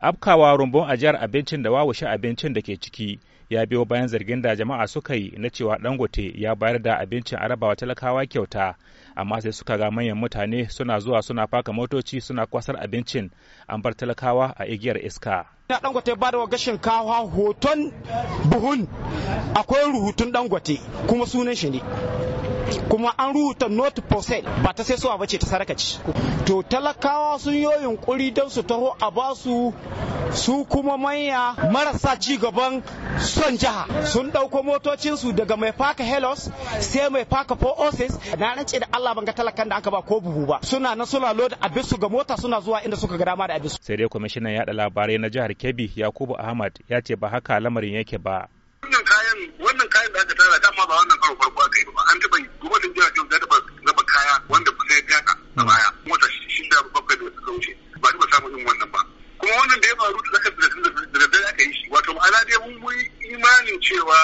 afkawa rumbun ajiyar abincin da wawashe abincin da ke ciki ya biyo bayan zargin da jama'a suka yi na cewa dangote ya bayar da abincin arabawa talakawa kyauta amma sai suka ga manyan mutane suna zuwa suna faka motoci suna kwasar abincin an bar talakawa a igiyar iska na dangote ba da gashin kawa hoton buhun akwai rubutun dangote kuma sunan shi ne kuma an rubuta note for sale ba ta sai suwa bace ta saraka ci to talakawa sun yi yunkuri don su taho a ba su su kuma manya marasa ci gaban son jiha sun ɗauko motocinsu daga mai faka helos sai mai faka oasis na rance da allah ban ga talakan da aka ba ko buhu ba suna na suna a abisu ga mota suna zuwa inda suka ga dama da abisu sai dai kwamishinan yaɗa labarai na jihar kebbi yakubu ahmad ya ce ba haka lamarin yake ba cewa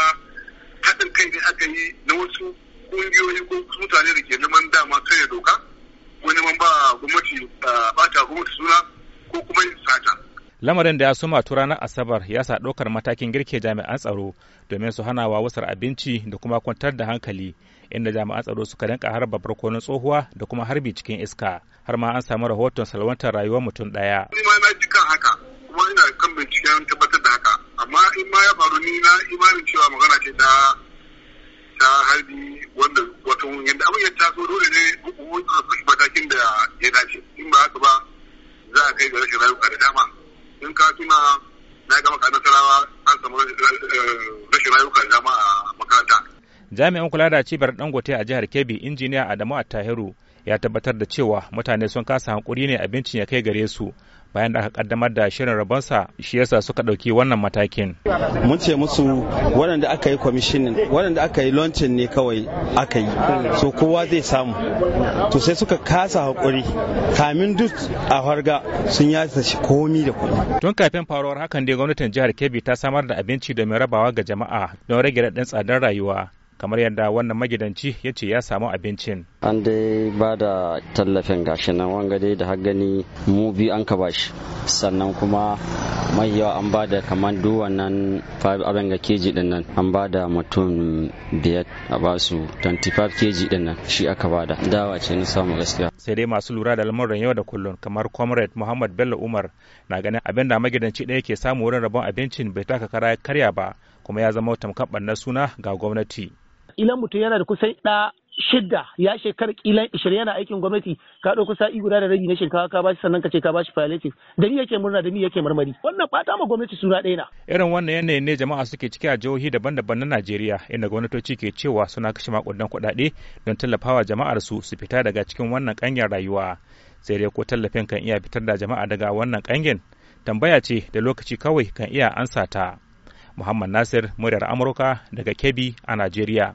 haɗin kai ne aka yi na wasu ƙungiyoyi ko mutane da ke neman dama kare doka ko neman ba gwamnati bata gwamnati suna ko kuma yin sata. Lamarin da ya suma tura na Asabar ya sa ɗaukar matakin girke jami'an tsaro domin su hana wa wasar abinci da kuma kwantar da hankali inda jami'an tsaro suka rinka harba barkonon tsohuwa da kuma harbi cikin iska har ma an samu rahoton salwantar rayuwar mutum ɗaya. Ni na ji kan haka kuma ina kan binciken tabbatar da haka. amma in ma ya faru ni na imanin cewa magana ce ta ta harbi wanda wato yadda abin ya taso dole ne hukumomi su matakin da ya dace in ba haka ba za a kai ga rashin rayuka da dama in ka tuna na gama ka nasarawa an samu rashin eh, rayuka da dama a makaranta. jami'an kula da cibiyar dangote a jihar kebbi injiniya adamu attahiru ya tabbatar da cewa mutane sun kasa hankuri ne abincin ya kai gare su bayan da aka kaddamar da shirin rabonsa shi yasa suka ɗauki wannan matakin. Mun ce musu waɗanda aka yi kwamishinin waɗanda aka yi launcin ne kawai aka yi so kowa zai samu to sai suka kasa haƙuri kamin duk a harga sun yasa shi komi da komi. Tun kafin faruwar hakan dai gwamnatin jihar Kebbi ta samar da abinci da mai rabawa ga jama'a don rage raɗin tsadar rayuwa. kamar yadda wannan magidanci ya ce ya samu abincin an dai ba da tallafin gashi nan wanga dai da gani mu biyu an ka bashi sannan kuma mai yawa an ba da kamar duk wannan abin ga keji din nan an ba da mutum biyar a basu 25 keji din nan shi aka ba da dawa ce na samu gaskiya sai dai masu lura da lamarin yau da kullum kamar comrade muhammad bello umar na ganin abin da magidanci ɗaya ke samu wurin rabon abincin bai taka kara karya ba kuma ya zama tamkar na suna ga gwamnati kila mutum yana da kusan ɗa shidda ya shekar kila ishirin yana aikin gwamnati ka ɗauko sa'i guda da rabi na shinkafa ka bashi sannan ka ce ka bashi palliative da ni yake murna da ni yake marmari wannan fata ma gwamnati suna ɗaya na. irin wannan yanayin ne jama'a suke ciki a jihohi daban-daban na najeriya inda gwamnatoci ke cewa suna kashe makudan kuɗaɗe don tallafawa jama'ar su su fita daga cikin wannan ƙangin rayuwa sai dai ko tallafin kan iya fitar da jama'a daga wannan ƙangin tambaya ce da lokaci kawai kan iya ansa ta muhammad nasir muryar amurka daga kebbi a najeriya